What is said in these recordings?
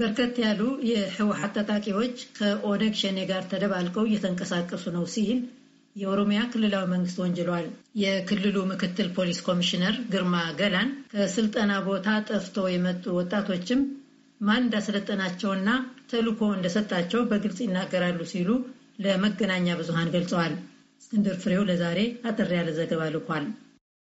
በርከት ያሉ የህወሀት ታጣቂዎች ከኦነግ ሸኔ ጋር ተደባልቀው እየተንቀሳቀሱ ነው ሲል የኦሮሚያ ክልላዊ መንግስት ወንጅሏል። የክልሉ ምክትል ፖሊስ ኮሚሽነር ግርማ ገላን ከስልጠና ቦታ ጠፍተው የመጡ ወጣቶችም ማን እንዳሰለጠናቸውና ተልኮ እንደሰጣቸው በግልጽ ይናገራሉ ሲሉ ለመገናኛ ብዙሃን ገልጸዋል። እስክንድር ፍሬው ለዛሬ አጠር ያለ ዘገባ ልኳል።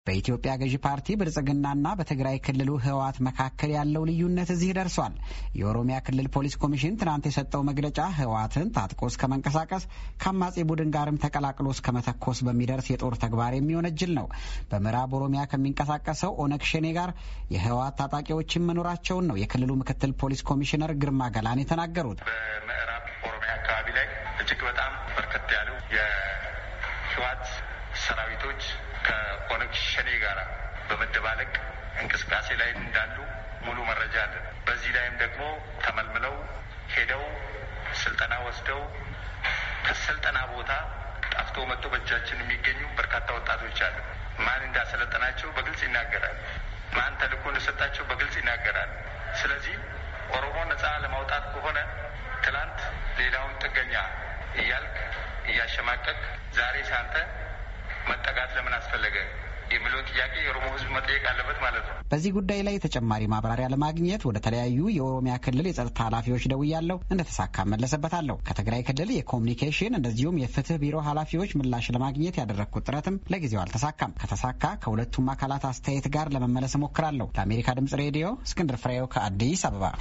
በኢትዮጵያ ገዢ ፓርቲ ብልጽግናና በትግራይ ክልሉ ህወሓት መካከል ያለው ልዩነት እዚህ ደርሷል። የኦሮሚያ ክልል ፖሊስ ኮሚሽን ትናንት የሰጠው መግለጫ ህወሓትን ታጥቆ እስከ መንቀሳቀስ ከአማጼ ቡድን ጋርም ተቀላቅሎ እስከ መተኮስ በሚደርስ የጦር ተግባር የሚወነጅል ነው። በምዕራብ ኦሮሚያ ከሚንቀሳቀሰው ኦነግ ሸኔ ጋር የህወሓት ታጣቂዎችን መኖራቸውን ነው የክልሉ ምክትል ፖሊስ ኮሚሽነር ግርማ ገላን የተናገሩት። በምዕራብ ኦሮሚያ አካባቢ ላይ እጅግ በጣም በርከት ያሉ የህወሓት ሰራዊቶች ከኦነግ ሸኔ ጋር በመደባለቅ እንቅስቃሴ ላይ እንዳሉ ሙሉ መረጃ አለን። በዚህ ላይም ደግሞ ተመልምለው ሄደው ስልጠና ወስደው ከስልጠና ቦታ ጠፍቶ መጥቶ በእጃችን የሚገኙ በርካታ ወጣቶች አሉ። ማን እንዳሰለጠናቸው በግልጽ ይናገራል። ማን ተልእኮ እንደሰጣቸው በግልጽ ይናገራል። ስለዚህ ኦሮሞ ነፃ ለማውጣት ከሆነ ትላንት ሌላውን ጥገኛ እያልክ እያሸማቀቅ ዛሬ ሳንተ መዝጋት ለምን አስፈለገ የሚለውን ጥያቄ የኦሮሞ ህዝብ መጠየቅ አለበት ማለት ነው። በዚህ ጉዳይ ላይ ተጨማሪ ማብራሪያ ለማግኘት ወደ ተለያዩ የኦሮሚያ ክልል የጸጥታ ኃላፊዎች ደውያለሁ። እንደተሳካ መለሰበታለሁ። ከትግራይ ክልል የኮሚኒኬሽን እንደዚሁም የፍትህ ቢሮ ኃላፊዎች ምላሽ ለማግኘት ያደረግኩት ጥረትም ለጊዜው አልተሳካም። ከተሳካ ከሁለቱም አካላት አስተያየት ጋር ለመመለስ እሞክራለሁ። ለአሜሪካ ድምጽ ሬዲዮ እስክንድር ፍሬው ከአዲስ አበባ